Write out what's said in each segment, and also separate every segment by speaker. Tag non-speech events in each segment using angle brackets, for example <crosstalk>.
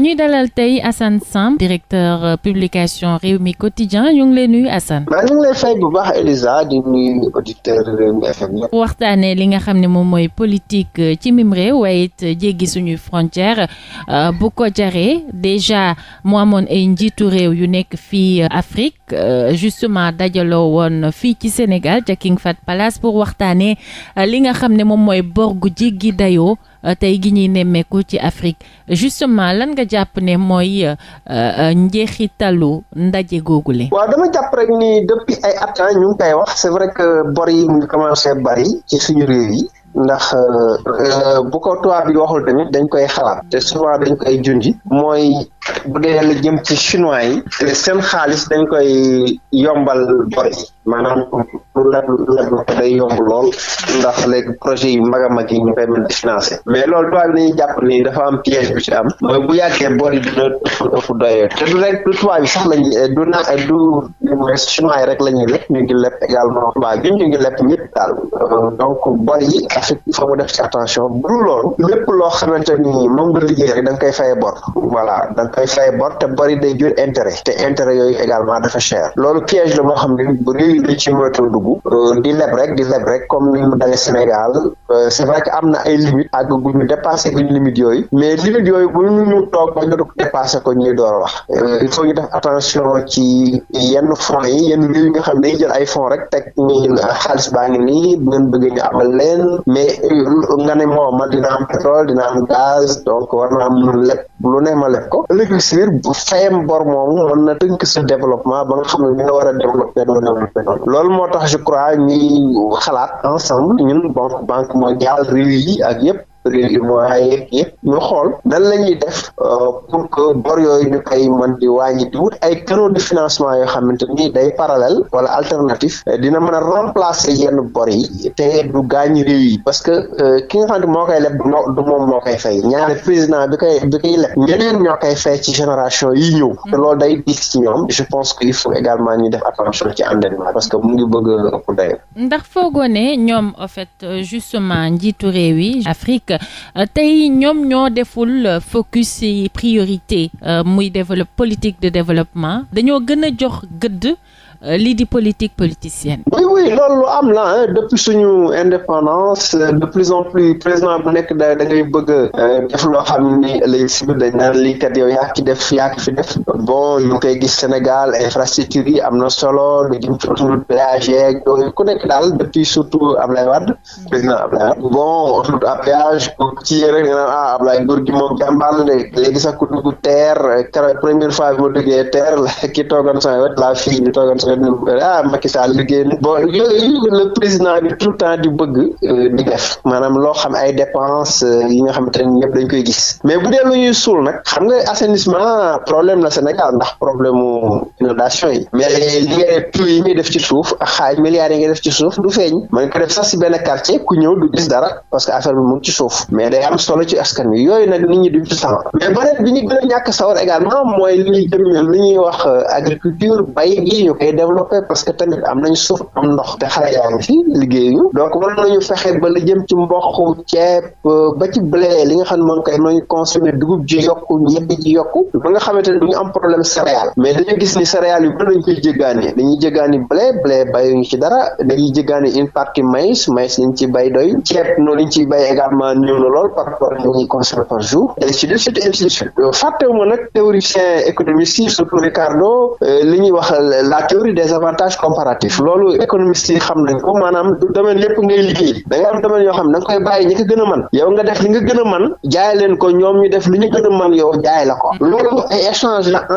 Speaker 1: ñuy dalal tey Assane Samb directeur euh, publication Rewmi Quotidien ñu ngi lay nuyu Assane.
Speaker 2: maa ngi lay fay bu baax
Speaker 1: li nga xam ne moom mooy politique euh, ci mim réew waaye it euh, suñuy frontière bu ko jaree déjà mu amoon ay njiitu réew yu nekk fii Afrique justement dajaloo woon fii ci Sénégal ca King Palace pour waxtaanee li nga xam ne moom mooy bor gu jéggi dayoo. Euh, tey gi ñuy nemmeeku ci Afrique justement lan nga jàpp ne mooy euh, euh, njeexitalu ndaje googule. waaw dama jàpp rek
Speaker 2: ni depuis ay at ah, ñu ngi koy wax c'est vrai que bor yi mu commencé bari ci suñu réew yi. ndax euh, bu ko tubaab bi waxul dañ koy xalaat te souvent dañ koy junji mooy bu dee la jëm ci chinois yi te seen xaalis dañ koy yombal bor maanaam pour la la day yomb lool ndax léegi projet yu mag a mag yi ñu koy mën mais loolu tubaab bi jàpp ni dafa am piège bu ci am mooy bu yàggee bor yi dina ëpp ëpp doyoo te du rek du yi sax lañ du na du chinois yi rek la ñuy leb ñu ngi leb également tubaab bi ñu ngi leb ñëpp daal donc bor yi tax il faut mu def ci attention bu dul loolu lépp loo xamante ni moom rek da nga koy faye bor voilà da nga koy faye bor te bari day jur intérêt te intérêt yooyu également dafa cher loolu piège la moo xam ne bu réew yi ci moytu dugg euh, di leb rek di leb rek comme ni mu dalee Sénégal Euh, c'est vrai que am na ay limites ko ñu limites yooyu bu ñu ñu toog ba ñu dépassé ko ñuy door a wax euh, il faut ñu def attention ci yenn fonds yi yenn nga xam ne dañuy jël ay fonds rek teg xaalis baa ngi nii bu ngeen bëgg ñu abal leen mais nga ne moo ma dina am pétrole dina am gaz donc war naa mun lépp lu ne ma lépp ko ëllëg si bu fayam bor moomu mën na tënk sa développement ba nga xam ne nga war a développé doo développé loolu moo tax je crois ñuy xalaat ensemble ñun banque banque mooy gaal réew yi ak yëpp prélimois yeeg yëpp ñu xool nan la ñuy def euh, pour que bor yooyu ñu koy mën di wàññi di wut ay canaux de financement yoo xamante ni day parallèle wala alternatif euh, dina man a remplacer yenn bor yi te du gaañ réew yi parce que euh, ki nga xam ne moo koy leb du moom moo koy fay ñaari président bi koy bi koy leb ñeneen ñoo koy fay ci génération yi ñëw mm. te loolu day diis ci ñoom je pense que il faut également ñu def attention ci endettement parce que mu ngi bëgg a ëpp
Speaker 1: ndax foogoo Euh, tey ñoom ñoo deful euh, focus ci priorité euh, muy développe politique de développement dañoo gën a jox gëdd Euh, lii di politique politicienne.
Speaker 2: oui oui loolu am la depuis suñu indépendance euh, de plus en plus président bu nekk da ngay bëgg euh, loo xam ni lay si biir dañ lii kat yow yaa ki def yaa ki fi def bon ñu koy gis Sénégal infrastructure yi am na solo lu jëm ci autoroute ku nekk daal depuis surtout am Wade président Ablaye Wade bon autoroute à péage pour ci rek nga naan ah Ablaye Ndour gi moom jàmbaar la léegi sax ku dugg terre première fois bi ma duggee terre la ki toogoon sama wet la fii ñu toogoon ah Macky Sall liggéey na tout temps di bëgg euh, di def maanaam loo xam ay dépenses euh, yi nga xamante ne ñëpp dañ koy gis mais bu dee lu ñuy suul nag xam nga assainissement problème la Sénégal ndax problème inondation yi mais li ngay def yi ngay def ci suuf ak xaaj milliards yi def ci suuf du feeñ mën ko def sax si benn quartier ku ñëw du gis dara parce que affaire bi mu ngi ci suuf mais day am solo ci askan yooyu nag nit ñi duñ ci sawar mais beneen bi ñu a ñàkk sawar également mooy li euh, développé parce que tamit am nañu suuf am ndox te xale yaa ngi fexe ba la jëm ci mboq ceeb euh, ba ci blé li nga xam ne moom kay nañu consommer dugub ji yokku ñebe ji yokku ba nga xamante ne du ñu am problème céréale mais dañu gis ni céréales yu bëri dañ koy jéggaani dañuy jéggaani blé blé bayuñu ci dara dañuy jéggaani une partie maïs maïs liñ ci bay doy ceeb noonu liñ ciy bay également néew na lool par rapport ak li ñuy consommer par jour ainsi fàttewuma nag théoricien économiste calcul avantages comparatifs loolu économistes xam nañ ko maanaam domaine yépp ngay liggéey da ngay domaine yoo xam da ko a mën def li nga gën a mën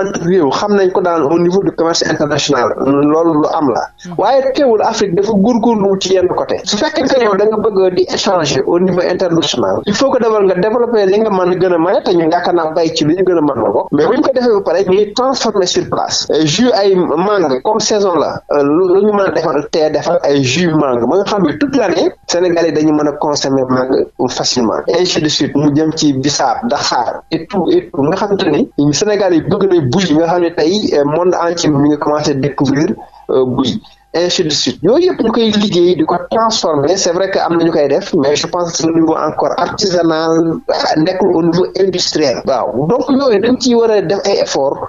Speaker 2: mm-hmm. xam nañ ko daan au niveau du commerce international loolu lu am la mm-hmm. waaye teewul Afrique dafa góorgóorlu ci yenn côté su fekkee que yow da bëgg di échanger au niveau international il faut que d'abord li nga mën gën a mën te ñu yaakaar ci li ñu gën a mën ko mais bu ko defee ba pare ñuy saison la euh, lu ñu mën a defal te defal ay jus mangue ba nga xam ne toute l'année Sénégal yi dañu mën a consommer mangue facilement ainsi de mu jëm ci bisaab daxaar et tout et tout nga xamante ni Sénégal yi bëgg nañ buy nga xam ne tey euh, monde entier mi ngi commencé découvrir euh, buy ainsi yooyu yëpp ñu koy liggéey di ko transformer c' est vrai que am na ñu koy def mais je pense que au niveau encore artisanal ah, nekkul au niveau industriel waaw donc yooyu dañ ciy war a def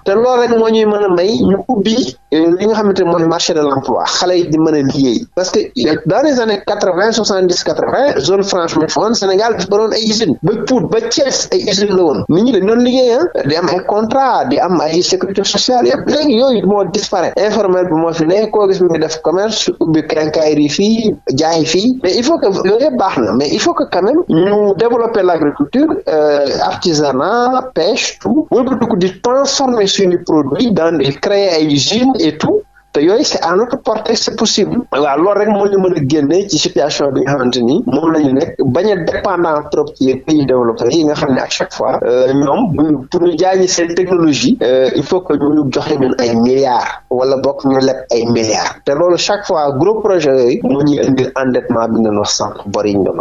Speaker 2: te loolu rek moo ñuy mën a may ñu ubbi eh, li nga xamante ne mooy marché de l' emploi xale yi di mën a liggéey parce que eh, dans les années quatre vingt soixante dix quatre vingt zone franche moom Sénégal dafa doon ay usines ba Pout ba Thiès ay la woon nit ñi dañ doon liggéey ah, di am ay contrat di am ay sécurité sociale yëpp yooyu moo disparaître informel bi moo fi ne mu def commerce ubbi quincaillerie fii jaay fii mais il faut que loolu yëpp baax na mais il faut que quand même ñu développer l'agriculture euh, artisanat pêche tout wëlbatiku di transformer suñu produit dans des créer ay usines et tout te yooyu c'est à notre portée c'est possible waaw loolu rek moo ñu mën a génne ci situation bi nga xamante ni moom la ñu nekk bañ dépendant trop ci pays développés yi nga xam ne à chaque fois euh, ñoom buñu pour ñu jaayi seen technologie euh, il faut que ñu joxe ñun ay milliards wala bokk ñu leb ay milliards te loolu chaque fois gros projet yooyu moo ñuy indil endettement bi ñu doon wax sànq bor yi ñu doon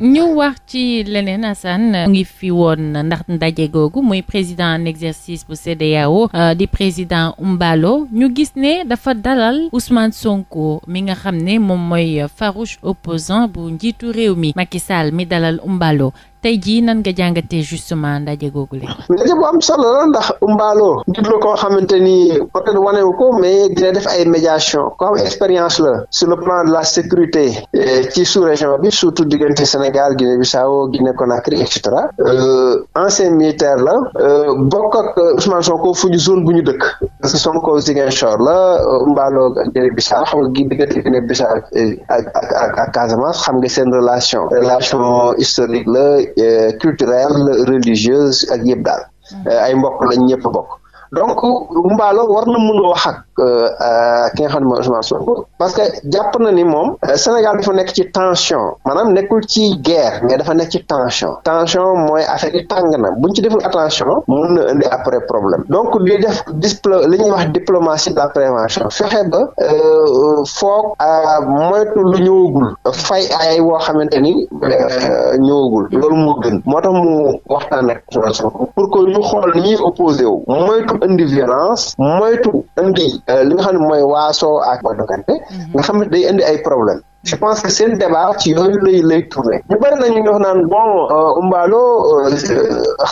Speaker 1: ñu wax ci leneen Assane ngi fi woon ndax ndaje googu muy président en exercice bu CEDEAO euh, di président Umbalo ñu gis ne dafa dalal Ousmane Sonko mi nga xam ne moom mooy farouche opposant bu njiitu réew mi ki Sall mi dalal Umbalo tey jii nan nga jàngatee justement ndaje googu la.
Speaker 2: ndaje bu am solo ndax Mballo. nit koo xamante ni peut être wane ko mais dina def ay médiation comme expérience la sur le plan de la sécurité eh, ci sous région bi surtout diggante Sénégal Guinée Bissau Guinée Conakry et cetera euh, ancien militaire la euh, bokk ak Ousmane Sonko fu zone bu ñu dëkk parce que Sonko Ziguinchor la euh, Mballo Guinée Bissau xam nga Bissau eh, ak Casamance xam nga seen relation relation historique la. culturelle religieuse ak yëpp daal. Mm-hmm. Eh, ay mbokk lañ ñëpp donc Mballo war na mën a wax ak euh, euh, ki nga xam ne mooy Ousmane Sonko parce que jàpp na ni moom euh, Sénégal dafa nekk ci tension maanaam nekkul ci guerre mais dafa nekk ci tension tension mooy affaire yi tàng bu buñ ci deful attention mën na indi après problème donc li def displo li ñuy wax diplomatie de la prévention fexe ba foog moytu lu ñëwagul fay ay woo xamante ni ñëwagul loolu moo gën moo tax mu waxtaan nekk Ousmane Sonko pour que ñu xool ni ñuy opposé wu moytu indi violence moytu indi euh, li nga xam a mooy waasoo ak mooy dogante mhm. nga xam ne indi ay problème je pense que seen débat ci yooyu lay lay tourné ñu bëri nañu ñu wax naan boo euh, Umbalo euh,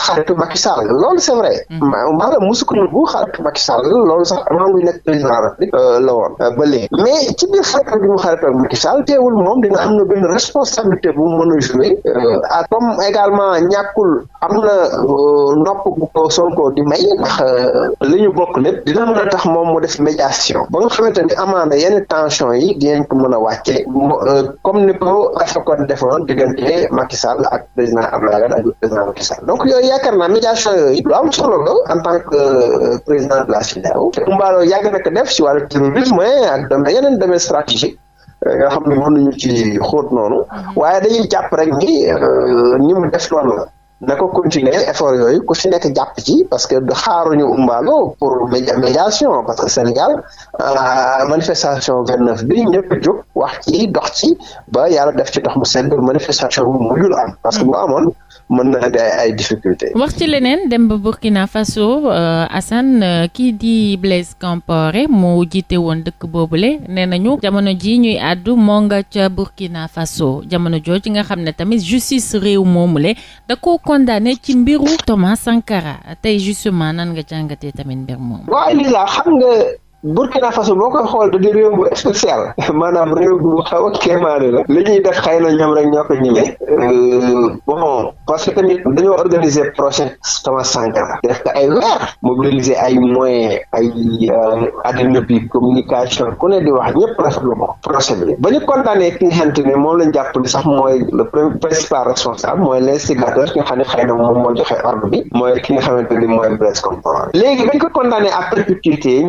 Speaker 2: xaritu Macky Sall loolu c'est vrai mm. Umbalo musu ko nungu xaritu loolu sax avant muy nekk président de la euh, woon ba léegi mais ci biir xarit bi mu xaritoo teewul moom dina am na benn responsabilité bu mu mën a jouer a comme également ñàkkul am na nopp bu ko Sonko di may ndax li ñu bokk lépp dina mën a tax moom mu def médiation ba nga xamante ni amaana yenn tension yi dinañ ko mën a wàcce Euh, comme ni ko ASACOD defoon diggante Macky Sall ak président Abdoulaye Wade ak président Macky Sall donc yooyu yaakaar naa médiation yooyu lu am solo la en tant que euh, président de la CEDEAO te Umbalo yàgg na def si wàllu terrorisme ak domaine yeneen domaine stratégique euh, nga xam ne mënuñu ci xóot noonu mhm. waaye dañuy jàpp rek ni ñi mu def noonu la na ko continuer yooyu ku si nekk jàpp ci parce que du xaaruñu umbaalo pour médiation parce que Sénégal euh, manifestation vingt neuf bi ñëpp wax ci dox ci ba yàlla def ci dox mu sedd manifestation bu mujjul am parce que bu amoon mën na indi ay difficulté
Speaker 1: wax ci leneen dem ba Burkina Faso euh, Assane euh, kii di Blaise Compaoré mu jiite woon dëkk boobule nee nañu jamono ji ñuy àddu moo nga ca Burkina Faso jamono jooju nga xam ne tamit justice réew moomule da ko condamné ci mbiru Thomas a tey justement nan nga jàngatee tamit mbir moom.
Speaker 2: waaw lii la xam nga Burkina Faso boo koy xool da di réew bu spécial <laughs> maanaam réew bu xaw a kéemaane la li ñuy def xëy na ñoom rek ñoo ko ñemee euh, bon parce que tamit dañoo organiser projet Thomas Sankara def ko ay weer mobiliser ay moyens ay euh, addina bi communication ku ne di wax ñëpp rafetlu ko projet bi ba ñu condamné ki nga xamante ne moom lañ jàpp ni sax mooy le principal responsable mooy l'instigateur ki nga xam ne xëy na moom moo joxe ordre bi mooy ki nga xamante ni mooy Blaise Compaoré léegi bañ ko condamné à perpétuité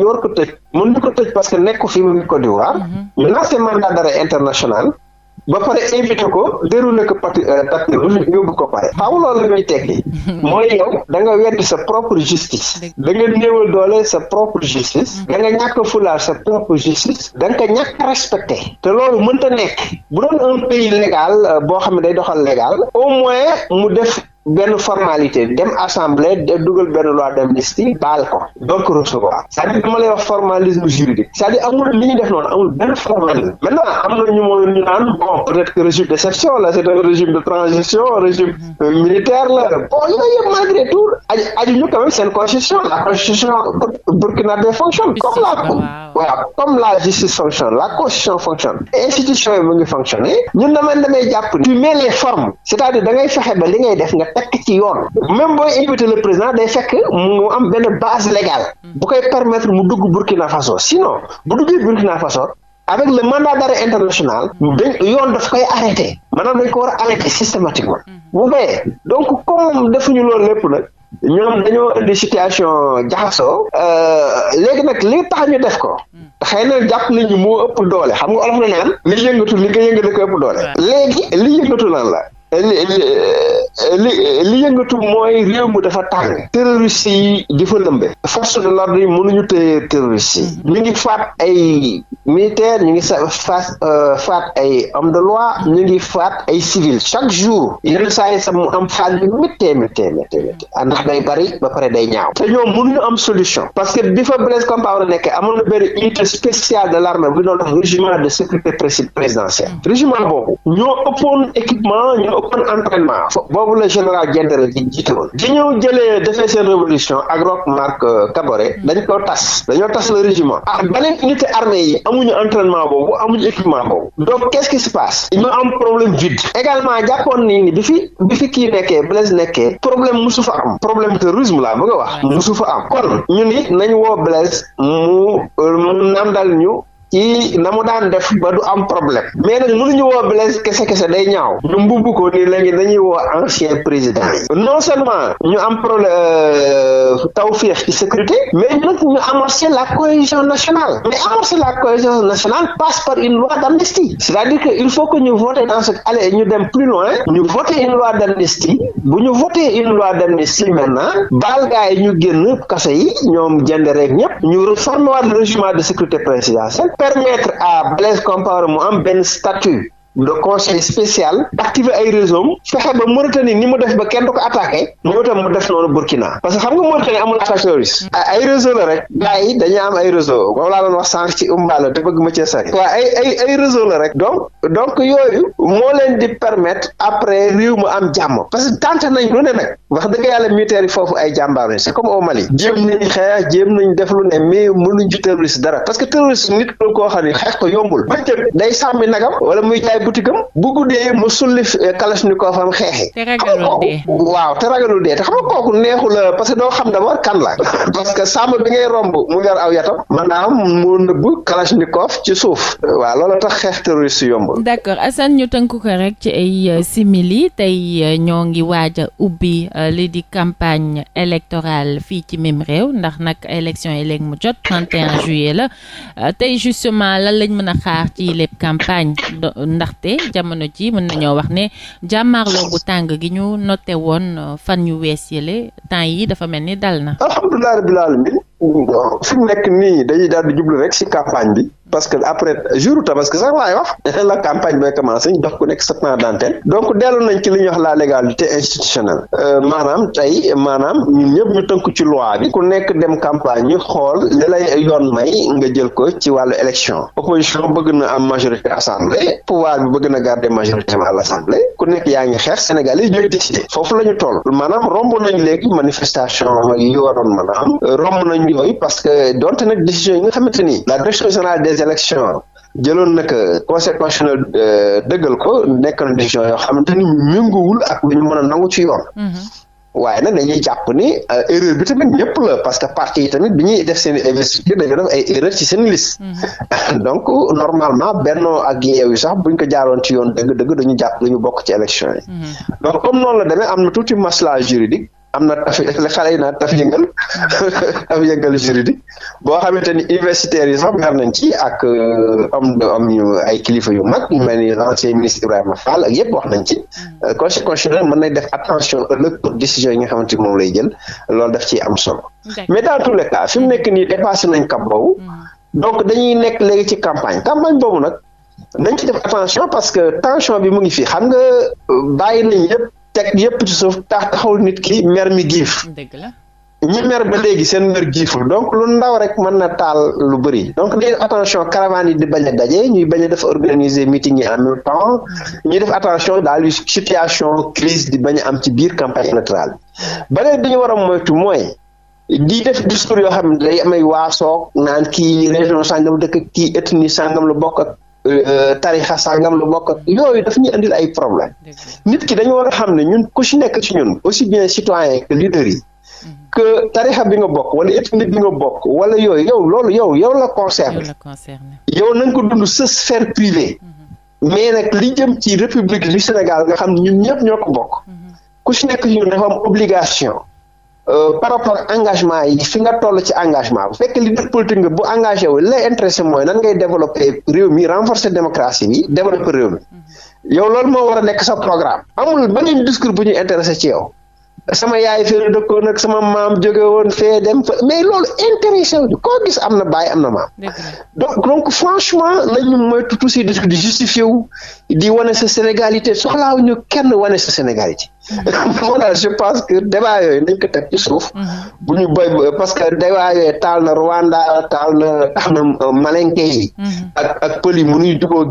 Speaker 2: mën na ko tëj parce que nekku fi mu ngi Côte d'Ivoire mhm. maintenant c'est mandat international ba pare invité ko déroulé ko parti euh, parti yóbbu ko pare xaw loolu la muy tekki <laughs> mooy yow da nga weddi sa propre justice da nga néewal doole sa propre justice mhm. da ñàkk fulaar sa propre justice da nga ko ñàkk respecté te loolu mënta nekk bu doon un pays légal euh, boo xam ne day doxal légal au moins mu def benn formalité dem assemblée de dugal benn loi d'amnistie baal ko donc recevoir c'est-à-dire dama lay wax formalisme juridique c'est-à-dire li ñu def noonu amul benn formalisme maintenant am na ñu moo ñu naan bon peut-être que régime d'exception la c'est un régime de transition régime militaire la bon yooyu yëpp malgré tout aju aju ñu quand même seen constitution la constitution burkinabé fonctionne comme la voilà comme la justice fonctionne la constitution fonctionne institution yi mu ngi fonctionner fexe ba li ngay def nga teg ci yoon même booy invité le président day fekk mu am benn base légale mm. bu koy permettre mu dugg Burkina Faso sinon bu duggee Burkina Faso avec le mandat d'arrêt international dañ yoon daf koy arrêté maanaam dañ ko war a arrêté systématiquement bu mm. bayee donc comme defuñu loolu lépp nag ñoom dañoo indi situation jaxasoo euh, léegi nag li tax ñu def ko mm. xëy na jàpp nañu moo ëpp doole xam nga olof na naan li yëngatu li nga yëngatu ëpp doole léegi li yëngatu lan la li eh, eh, li yëngatu mooy réew mi dafa tàng mm-hmm. terroriste yi di fa lëmbe force de l'ordre yi mënuñu téye terroriste yi mm-hmm. ñu ngi faat ay militaire ñu ngi sa faat euh, faat ay homme de loi ñu ngi faat ay civil chaque jour yenn saa yi sax mu am faat yu méttee méttee méttee méttee ah, ndax day bari ba pare day ñaaw te ñoom mënuñu am solution parce que bi fa Blaise Compaoré nekkee amoon na benn unité spéciale de l'armée bu doon wax régiment de sécurité présidentielle mm-hmm. régiment boobu ñoo ëppoon équipement ñoo woon entraînement fo boobu la général Diendéré ji jiite woon di ñu jëlee defee seen révolution ak Roch Marc Kaboré euh, hmm. dañ ko tas dañoo tas le régiment ah beneen unité armée yi amuñu entraînement boobu amuñu équipement boobu donc qu'est-ce qui se passe ñu am problème vide également jàppoon nii ni bi fi bi fi kii nekkee Blaise nekke problème musu fa am problème terrorisme la bëgg a wax musu fa am kon ñu ni nañ woo Blaise mu euh, naandal ñu ci na mu daan def ba du am problème mais nag mënuñu woo Blaise kese kese day ñaaw ñu mbubb ko ni léegi dañuy woo ancien président yi non seulement ñu am problème euh, tawféex ci sécurité mais nag ñu amorcer la cohésion nationale mais amorcer la cohésion nationale passe par une loi d'amnistie c'est-à-dire que il faut que ñu voter dans ce ñu dem plus loin ñu voter une loi d'amnistie bu ñu voter une loi d'amnistie maintenant baal gaa ñu génn kaso yi ñoom jënd rek ñëpp ñu réformer waat le régime de sécurité présidentielle permettre à Blaise Compaoré mu am benn statut de conseil spécial activer ay réseau fexe ba Mauritanie ni mu def ba donc donc yooyu moo leen di permettre après réew mu am jàmm parce que tante nañ lu ne nag wax dëgg yàlla militaire yi foofu ay jàmbaar lañ c'est comme au Mali jéem nañ def lu ne mais mënuñ ci terroriste dara parce que terroriste nit koo xam ne xeex ko yombul day sàmmi nagam wala muy jaay boutique am bu guddee mu sulli eh, kalashnikov am xeexi ah, waaw te ragalul dee te xam nga kooku neexu la eh, parce que doo la <laughs> parce que sàmm bi ngay romb mu ngar aw yatam maanaam mu nëbb kalashnikov ci suuf waaw loolu tax xeex terroriste yomb
Speaker 1: d'accord Assane ñu tënk ko rek ci ay eh, simili tey ñoo ngi waaj a ubbi li di campagne électorale fii ci mim réew ndax nag élection yi léegi mu jot 31 juillet la tey justement lan lañ mën a xaar ci lépp campagne ndax te jamono ji mën nañoo wax ne jàmmaarloo gu tàng gi ñu noté woon euh, fan yu wees yële temps yi dafa mel ni dal na.
Speaker 2: alhamdulilah rabbil alamin fi mu nekk nii dañuy daal di jublu rek si bi. parce que après jour parce que laay wax <laughs> la campagne bay commencé ñu dox ku nekk sept ans d'antenne donc dellu nañ ci li ñuy la légalité institutionnelle euh, maanaam tey maanaam ñun ñëpp ñu tënk ci loi bi ku nekk dem campagne ñu xool li lay yoon may nga jël ko ci wàllu élection opposition bëgg na am majorité assemblée pouvoir bi bëgg na garder majorité à l'assemblée ku nekk yaa ngi xeex sénégalis yi ñooy foofu la ñu toll maanaam romb nañ léegi manifestation yi waroon mën a am romb nañ yooy parce que donte nag décision yi nga xamante ni la direction générale des élections jëloon nag conseil constitutionnel euh, dëggal ko nekk na décision yoo xamante ni méngoowul ak lu ñu mën a nangu ci yoon mm-hmm. waaye nag dañuy jàpp ni euh, erreur bi tamit ñëpp la parce que parti yi tamit bi ñuy def seen investiture dañoo def ay erreur ci seen liste mhm. <laughs> donc normalement Benno ak Yewwi sax buñ ko jaaroon ci yoon dëgg-dëgg dañu jàpp ñu bokk ci élection yi mhm. donc comme noonu la demee am na tuuti maslaa juridique am na taf <laughs> xale yi naan taf yëngal <laughs> taf yëngal juridique boo xamante ni universitaires yi sax mer nañ ci ak euh, am am ñu ay kilifa yu mag ñu mel ni ancien ministre Ibrahima wax nañ ci euh, conseil constitutionnel mën nañ def décision yi nga xamante ni moom lay jël loolu daf ciy am solo mais dans tous les cas fi mu nekk nii dépassé nañ cap boobu mm. donc dañuy nekk léegi ci campagne campagne boobu nag nañ ci def attention parce que tension bi mu ngi fii xam nga euh, bàyyi nañ yëpp teg yëpp ci suuf taxawul nit ki mer mi giif dëgg la ñi mer ba léegi seen mer giifu donc lu ndaw rek mën na taal lu bëri donc dañuy attention caravane yi di bañ a daje ñuy bañ a def organiser meeting yi en même temps ñuy def attention daal situation crise di bañ a am ci biir campagne électorale bi ba léegi dañu war a moytu mooy di def discours yoo xam ne day amay waasoog naan kii région sàngam dëkk kii ethnie sàngam lu bokk ak Euh, tarixa sàngam lu bokk yooyu daf ñu indil ay problème nit ki dañoo war a xam ne ñun ku ci nekk si ñun aussi bien citoyen que yi mhm. que tarixa bi nga bokk wala ethnie bi nga bokk wala yooyu yow loolu yow yow la concerne yow na nga ko dund sa sphère privée mhm. mais nag li jëm ci république du Sénégal nga xam ñun ñëpp ñoo ko bokk mhm. ku ci nekk ci ñun dafa am obligation Euh, par rapport engagement yi fi nga toll ci engagement bu fekk li def politique nga bu engagé wu lay intéressé mooy nan ngay développer réew mi renforcer démocratie bi développer réew mi mm-hmm. yow loolu moo war a nekk sa programme amul beneen discours bu ñu intéressé ci yow sama yaay fee dëkkoon ak sama maam jóge woon fee dem fa mais loolu intéressé wu ñu koo gis am na baay am na maam donc donc franchement nañu moytu tous ces discours di justifié wu di wane sa sénégalité soxlaawu ñu kenn wane sa sénégalité moo <laughs> tax je pense que débat yooyu nañ ko teg ci mhm. parce que débat yooyu taal na Rwanda taal na tax na yi. Mhm. ak ak pël yi mënuñu jubóo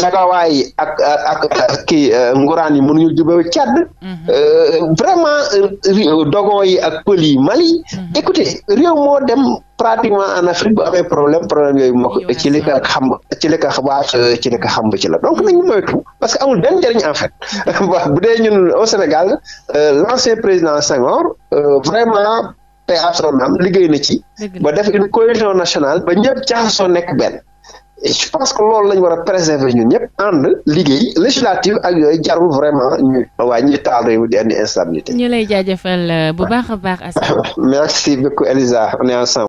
Speaker 2: Zagawa yi ak ak kii euh, Nguraan yi mënuñu jubóo Tchad. Mhm. Euh, vraiment euh, dogon yi ak pël Mali. écoutez réew moo dem. pratiquement en Afrique bu amee problème problème yooyu moo ci li ka xam ci li ka xabaat ci ci la donc nañu moytu parce que amul benn njëriñ en fait <laughs> bu dee ñun au Sénégal euh, l'ancien président Senghor euh, vraiment paix à liggéey na ci ba def une cohésion nationale ba ñëpp jaxasoo nekk benn je pense que loolu lañu war a préserver ñun ñëpp ànd liggéey législative ak yooyu jarul vraiment ñu waa ñuy taal réew di andi instabilité.
Speaker 1: ñu lay jaajëfal euh, bu baax a baax.
Speaker 2: <coughs> merci beaucoup